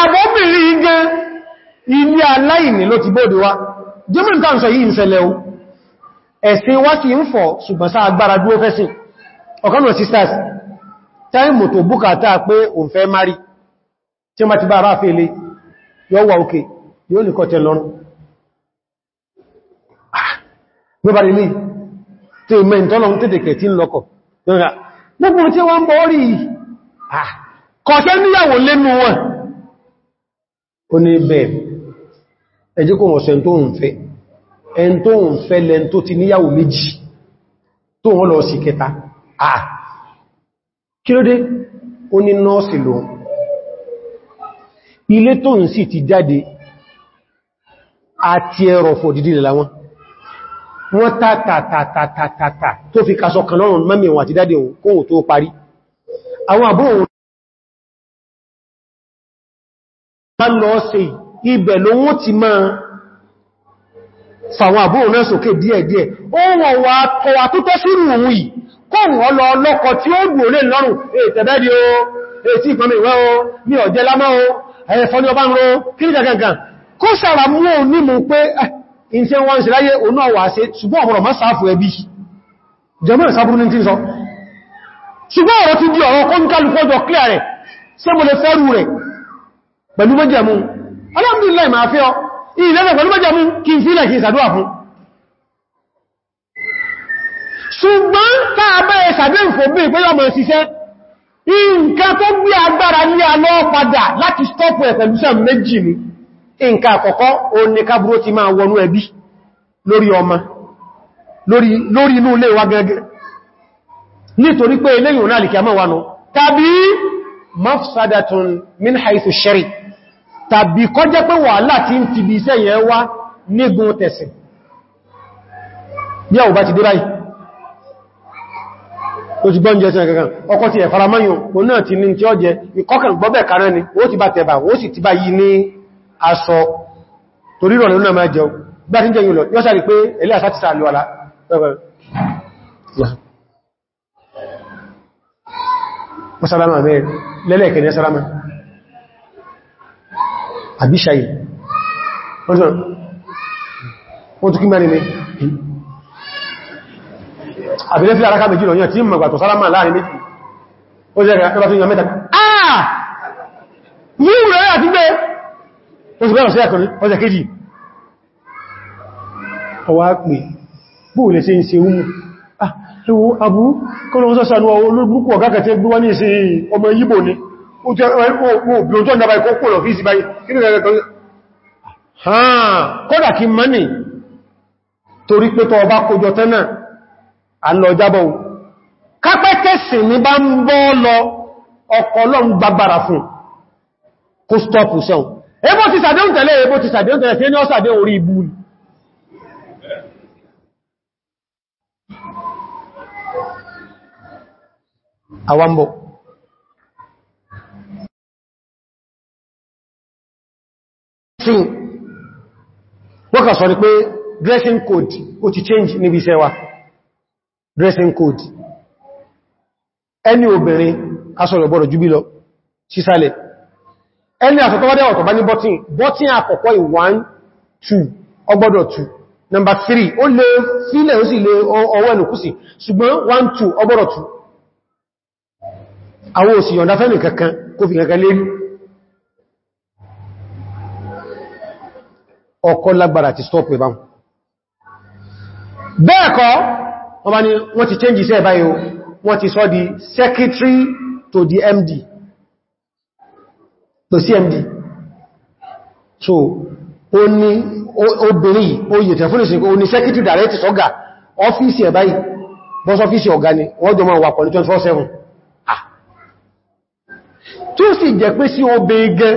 àbọ́bìnrin igẹ́ ilé aláìní ló ti bóòdé wá jẹ́mìn tàn sọ yìí ń ṣẹlẹ̀ o ẹ̀sìn wá sí ń fọ̀ ṣùgbọ́n sá agbára dúró fẹ́sìn ọ̀kanà sisters táìmù tó búkàtà pé òun fẹ́ mari tí ó má ti bá bá fẹ́ ilé yóò wà òkè yóò ní kọ́ tẹ́lọ́rùn nobody ah, me tí mẹ́ ìtọ́lọ́un tẹ́tẹ̀kẹ̀ tí ń lọ́kọ̀ gbogbo tí wọ́n bọ́ rí ah, kọ̀ṣẹ́ níyàwó lẹ́nu wọn ó ní bẹ́ẹ̀ ẹjẹ́ kò wọ́n sọ ẹn tó ń fẹ́ ẹn tó ń fẹ́ lẹ́n tó ti níyàwó méjì tó wọ́n lọ sí kẹta àà kí ló dé ó ní nọ́ọ̀sì lọ ilé tó ń sì ti jáde àti ẹrọ̀fọ̀ dídí lẹ́la wọn wọ́n tàtàtàtàtàtà tó fi kásọ kan lọ́rùn àti dáde bá lọ ṣe ibẹ̀ lówó ti máa fàwọn àbúrò náà sókè díẹ̀díẹ̀ ó wọ̀n wà kọwà tó tọ́ sírù òun yìí kó wọ́n lọ lọ́kọ tí ó gbò lè lọ́rùn ètẹ̀bẹ́dì o ètí ìpamẹ̀ ìwẹ́ o ní ọ̀jẹ́ lámọ́ o ẹ̀fọ́ ní ọba ń ro kí ní gàgàgàn kó sára mú o ní mú pé ìṣẹ́ ah, wọ́n ṣe láyé òun náà wà ṣe ṣùgbọ́n ọ̀rọ̀ má sáàfù ẹbí jẹmọ́ ìsáàbùrú ní tí sọ ṣùgbọ́n ọ̀rọ̀ ti di ọ̀rọ̀ kó ń kálùkọ́jọ kílẹ̀ rẹ̀ sẹ́mọ̀lẹ̀ fẹ́rù rẹ̀ pẹ̀lú mọ́jẹ̀mú alhamdulillah ma fi ọ ìlẹ́lẹ̀ pẹ̀lú mọ́jẹ̀mú kí n fílẹ̀ kí ìsàdúwà fún ṣùgbọ́n káàbá ẹ̀sàdé ìfòbí ìpẹ́lẹ̀ ọmọ ìṣiṣẹ́ nǹkan tó gbé agbára ní alọ́ padà láti stọ́pù ẹ̀ pẹ̀lú sẹ́m méjì ni nǹkan àkọ́kọ́ ó ní kábúrò ti máa wọnú ẹbí lórí ọmọ lórí inú ilé wa gẹ́gẹ́ nítorí pé eléyìn náà lè kí a mọ́ wa tàbí mafsadatun min haithu shari'a tàbí kọ́ jẹ́ pé wàhálà tí ń ti bí iṣẹ́ yẹn wá nígun tẹ̀sìn bí àwùbá ti dé báyìí ó ti gbọ́njẹ́ sí ẹ̀kankan ọkọ̀ ti ẹ̀fara mọ́yàn o náà ti ní tí ó jẹ ìkọ́kàn gbọ́bẹ̀ kanáà ni ó ti bá tẹ̀bà ó sì ti bá yí ní aṣọ torí rọ̀ lónà máa jẹun bá ti jẹun lọ yọ́ sáré pé ẹlẹ́ àṣà ti sà lọ alá mẹ́rin, lẹ́lẹ́kẹ̀ẹ́ sálámà àbí ṣayé wọ́n tún kí mẹ́rin ní àbílẹ́ fílà aráká méjì lọ́yàn tí mọ̀ gbàtọ̀ sálámà láàrin méjì ó jẹ́ rẹ̀ ẹbá tó yàn mẹ́ta àà ah! yíò rẹ̀ àti gbé ó sì bẹ́rọ̀ sí ẹ̀kọ̀rí ọjọ́ kejì ọwá pè bóò lè ṣe ń se umu ah ewu abu kọ́nà bí ojú ọ̀nà báyìí kó kó lọ fi sí báyìí kí ní ẹgbẹ̀ kan hàn kọ́dà kí mọ́ ní torí pé tọ ọba kójọ tẹ́nà alọ́jábọ̀ kápẹ́kẹ́sì ní bá ń bọ́ lọ ọkọ̀ lọ́n gbagbara fún kó stọ́pù sẹ́un ebó ti sàdéhùn tẹ̀lé ebó ti sàdéhùn tẹ̀lé sí ní ọ́sàdé orí ibu sí wọ́n sọ ní pé dressing code ó ti change níbi iṣẹ́ wa dressing code ẹni obìnrin asọlọ rẹ̀ bọ́rọ̀ jùbí lọ sísàlẹ̀ ẹni aṣọ tó ọ̀tọ̀ bá ní bọ́tín bọ́tín àkọ́kọ́ ì 1 2 ọgbọ́dọ̀ 2 number 3 ó lè sílẹ̀ ó sì lè ọwọ́ ṣùgbọ́n 1 2 ọgbọ́dọ̀ 2 àwọn òsìyàn dáfẹ́ nìkankan kó fi kankan lérí ọkọ lágbára ti stop ẹ̀bá bẹ́ẹ̀kọ́ ọba ni wọ́n ti change iṣẹ́ báyìí wọ́n ti sọ di secretary to the MD to CMD so ó ní obìnrin ó yìí tẹ̀ fún ìsìnkú ó ní secretary direct ọ̀gá ọ́fíìsì ẹ̀ báyìí bọ́s ọ́fíìsì ọ̀gá ni wọ́n jọ máa wà pọ̀ ní 24/7 ah tó sì jẹ́ pé sí obìnrin gan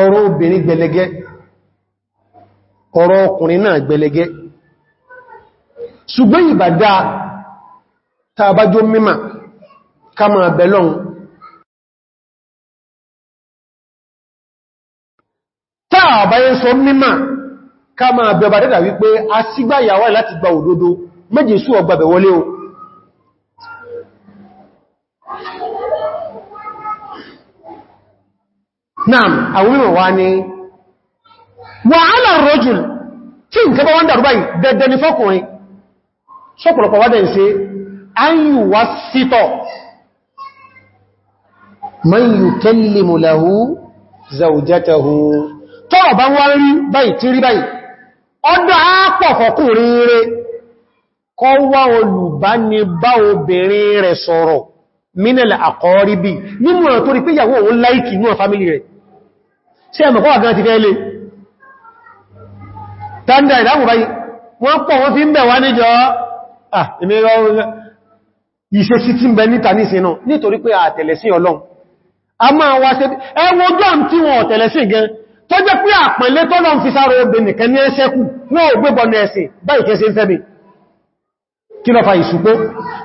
ọrụ obìnrin gbẹlẹgẹ́ ọrụ ọkùnrin náà gbẹlẹgẹ́ ṣùgbọ́n ìbàdá tàbájó mímà ká máa bẹ̀lọ́n tàbáyé sọ mímà ká bẹ̀bàdẹ́dà wípé a sígbà yàwó láti gba òdodo meji sú ọgbabewole o náà àwọn mímọ̀ wá ní wà alárọ́jùl tí n kẹfà wọ́n dàrúbáyì dẹ̀dẹ̀ ni fọ́kùnrin sọ́pọ̀lọpọ̀ wádẹ̀ ń se ayyùwá sítọ̀ man yukallimu lahu zawjatahu tọ́rọ bá wá rí báyìí tí rí báyìí ọdọ́ ápọ̀ fọ́kùnrin rẹ̀ kọ́ wá olùbánibá obìnrin rẹ̀ sọ̀rọ̀ mínẹ̀lẹ̀ àkọ́rí bí nínú ọ̀rọ̀ tó rí pé ìyàwó òun láìkì inú ọ̀fámílì rẹ̀ sí ẹmọ̀kọ́ àgbà ti fẹ́ lè tàndà ìdáhùn báyìí wọ́n pọ̀ wọ́n fi ń bẹ̀ wá níjọ́ ìṣesí tí ń bẹ níta ní ìsinú nítorí pé àtẹ̀lẹ̀sí ọlọ́run a máa wá ṣe ẹwọ john tí wọn tẹ̀lẹ̀sí gan tó jẹ́ pé àpẹẹlẹ tó lọ ń fi sára obè nìkan ní ẹṣẹ́kù wọ́n ò gbébọn ní ẹ̀sìn báyìí kẹsẹ̀ ń fẹ́bẹ̀ kí lọ fa ìṣùpó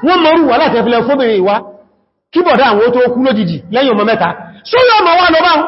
wọ́n mọ̀rú wà láti ẹfilẹ̀ fóbìnrin ìwá kí bọ̀dá àwọn tó kú lójijì lẹ́yìn ọmọ mẹ́ta só yọ ọmọ wà lọ báhùn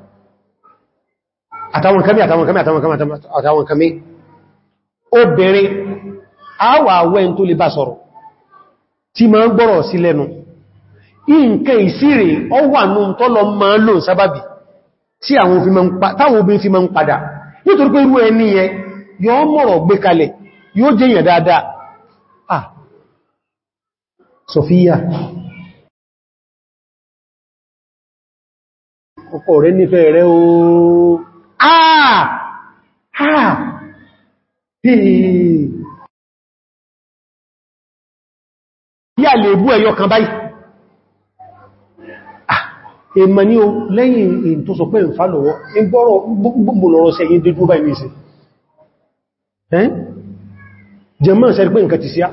àtàwọn kami àtàwọn kami àtàwọn kami àtàwọn kami obìnrin àwà àwẹ́ tó lè bá sọ̀rọ̀ tí ma ń gbọ́rọ̀ sí lẹ́nu ìǹkẹ́ ìsírè ọ wà ma ń lò sábàbí tí àwọn obìnrin fi ma ń padà nítorí pé irú ẹni yẹn yóò mọ̀rọ̀ gbé kalẹ̀ yóò dáadáa ah Sofia rẹ̀ àà àà bí a lè bú ẹyọ kan báyìí ah! èmà ní o lẹ́yìn èyí tó sọ pé ń fà lọ́wọ́ ìgbọ́rọ̀ gbogbogbòrọ̀ sí ẹ̀yìn dédú báyìí nìsìn ẹ́n jẹmọ́ sẹ́rí pé nǹkan ti síá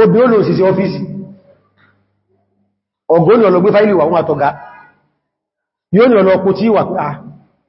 obì ó lò sí sí ọ́fíìsì ọgọ́nà ọlọ́gbé fáìlì wà wọ́n àtọ́gá yóò ní ọlọ́pọ̀ tí wà pé ah!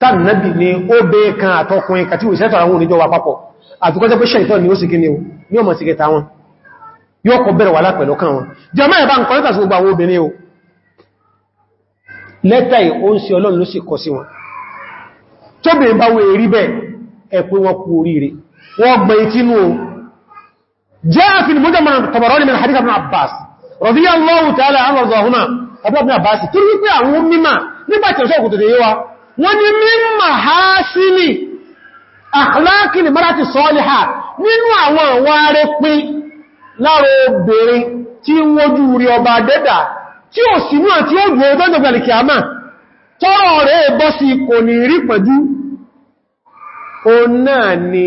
tàbí ní ó bẹ́ kan àtọkùnrin kàtí ìṣẹ́tọ̀ àwọn oníjọ wa papọ̀ àtùkọ́jẹ́ pé ṣẹ̀tọ́ ni ó sì kíni ní ọmọ sí kẹta wọn yóò kọ bẹ̀rẹ̀ wà lápẹ̀lọ kan wọn jẹmọ́ ẹ̀bá ń kọ́lẹ́tà sí gbogbo àwọn obìnrin o lẹ́tà ó ń sí ọlọ́run ló sì kọ sí wọn tóbìnrin bá wé rí bẹ́ẹ̀ ẹ pé wọn kú oríire wọ́n gbẹ̀ ìtinú o jẹ́ àfin mọ́jọ́mọ́ tọ̀bọ̀rọ̀ wọ́n ni mímọ̀ ha sí ní àkàlákìlì mara ti sọ́ọ́lì ha nínú àwọn àwọn ààrẹ pín lára obìnrin tí ń wojú rí ọba dẹ́dà tí ò sí náà tí ó gbò ọdọ́gbẹ̀lẹ̀kì àmà tọ́rọ rẹ̀ bọ́ sí kò ní rí pẹ̀jú o náà ni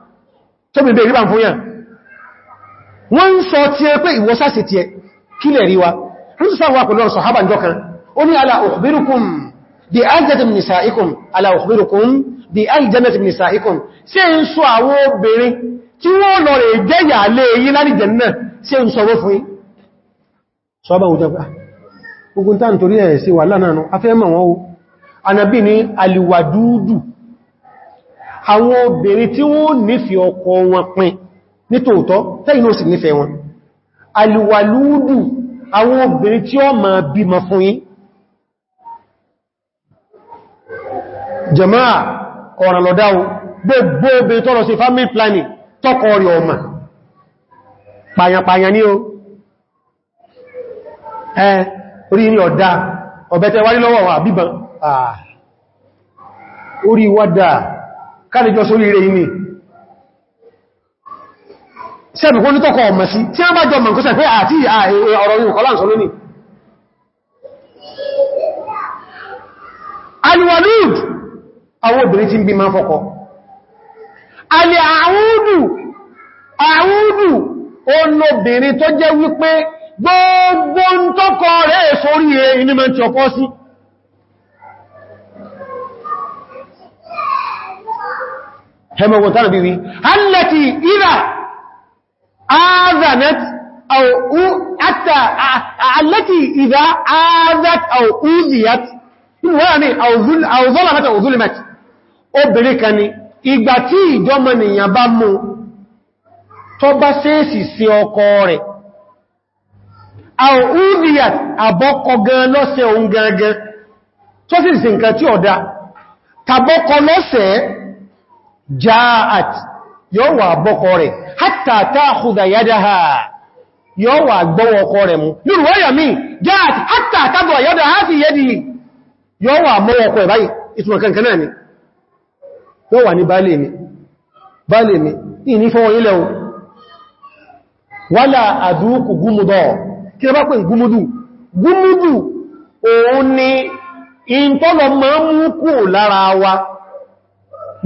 tó bèbè ríbà fún yàn wọ́n ń sọ tí ẹ pé ìwọ́sáṣẹ́ tí ẹ kí lẹ̀ ríwa rúsùsáwà pẹ̀lú ọ̀rọ̀ sọ̀hábà jọkan ó ní ala ukhbirukum bí aljannati min nisa'ikum ala ukhbirukum bí aljannati min nisa'ikum ṣé ń sọ àwọn obìnrin tí wọ́n lọ rẹ̀ jẹ́yà lé yí láti jẹ̀nà ṣé ń sọ fún yín sọ́bà òjò pé ogun táà nítorí àwọn obìnrin tí wọ́n nífẹ̀ẹ́ ọkọ wọn pin nítòótọ́ tẹ́yìn ó sì nífẹ̀ẹ́ wọn alìwàlúúdù àwọn obìnrin tí ó máa bímọ fún yín jama'a ọ̀ràn lọ́dáwó gbogbo obìnrin tọ́rọ sí family planning tọ́kọ rí ọmọ pàyàpàyà ní o ẹ orí ní ọ̀dá ọ̀bẹ̀tẹ̀ wárí lọ́wọ́ àbíbọn ah. orí wádàá káàlẹ̀jọ́ sórí rẹ̀ inú sẹ́bùkú ní tọ́kọ̀ ọmọ sí tí a bá jọ mọ̀ kọ́sẹ̀ pé àti ọ̀rọ̀ yìí kọ́lá sọ lónìí alìwàlúùd àwọn obìnrin tí ń bí alì àwúdù olóbìnrin tó jẹ́ wípé gbogbo ń rẹ̀ sórí ọkọ́ sí ẹmọ̀gbọ̀n tánà bí wí allati idha azanat aw hatta allati idha azat aw uziyat inú wọ́n ni aw zalamat aw zulimat obìnrin kan ni ìgbà tí ìjọmọ̀ nìyàn bá mú tó bá sẹ́ẹ̀sì sí ọkọ rẹ̀ aw uziyat gan lọ́sẹ̀ ohun gangan tó sì tí ọ̀dá tàbọ́kọ lọ́sẹ̀ẹ́ ja'at yóò wà bọ́kọ rẹ̀ hatta ta'khudha yadaha yóò wà gbọ́wọ́ ọkọ rẹ̀ mú lórí wáyà ja'at hatta ta'khudha yadaha fi yadi yóò wà mọ́wọ́ ọkọ ẹ̀báyì ìtumọ̀ náà ni mi ni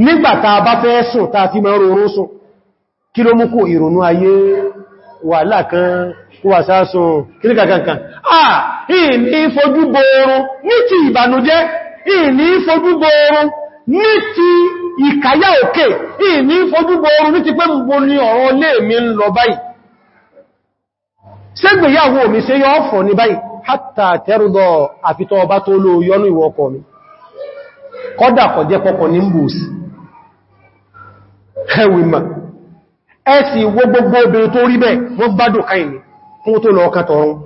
nígbàtà bá fẹ́ sùn taa ti máa rọrún sùn kí ló mú kò ìrònú ayé wà lákan wà sáàsùn kíríkàkankan ah ìní fojú boorun ní ti ìbànújẹ́ ìní fojú boorun ní ti ìkàyà òkè ìní fojú boorun ní ti pé gbogbo ní ọ̀rọ̀ lé mi ń lọ báyìí ní ẹwìmọ̀ ẹ̀sì wo gbogbo obìnrin tó rí bẹ́ẹ̀ wọ́n gbádùn káìní fún tó lọ ọkà tọrún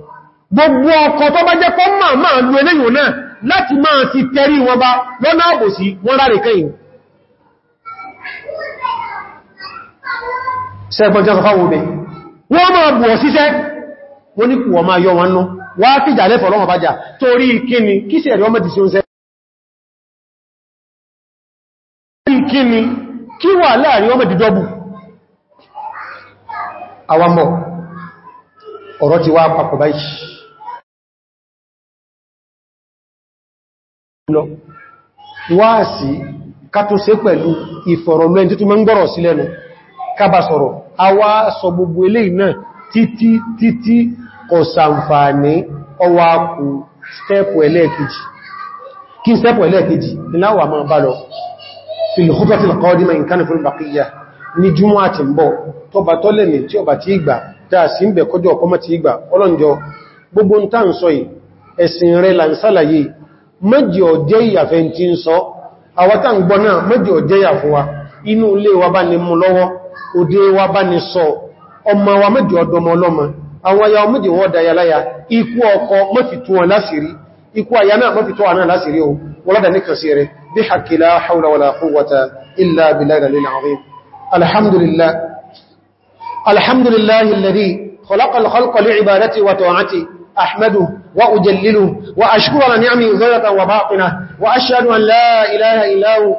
gbogbo ọkọ̀ tó bá jẹ́ pọ́ máa máa lú eléyìn náà láti máa ti tẹrí wọn bá lọ́nà àbòsí wọ́n ráre káìní sẹ́gbọ́n jẹ́ sọfáwọ́ bẹ́ kí sì kí wà láàrin ọmọ ìdídọ́bù àwàmọ̀ ọ̀rọ̀ ti wá papọ̀ báyìí lọ wá sí kátó sé pẹ̀lú ìfọ̀rọ̀lọ́ ẹni tó mọ́ ń gbọ́rọ̀ sí lẹ́nu kába sọ̀rọ̀ a wá sọ gbogbo ilé títí títí ọwá kù stẹ́pù ẹlẹ́ẹ̀kejì kí في الخطوة القادمة إن كان في البقية ní jùmọ́ àti ń bọ̀ tó bá tó lè ní tí ọba ti ìgbà dáa sí ń bẹ̀ kọjọ́ ọkọ́ mọ́ ti ìgbà ọlọ́njọ́ gbogbo ń tàn sọ yìí ẹ̀sìn rẹ̀ là ń sálàyé mẹ́jì ọ̀jẹ́ ìyàfẹ́ tí ń sọ àwátà ń gbọ́ ikú àyà náà mọ́ fi tó àná láti rí o wọ́lọ́dà ní kàn sí rẹ̀ bí hakila haula wala quwwata illa billahi al-azim alhamdulillah alhamdulillahi alladhi khalaqa أحمده وأجلله وأشكر نعمه ظهرة وباطنه وأشهد أن لا إله إلا هو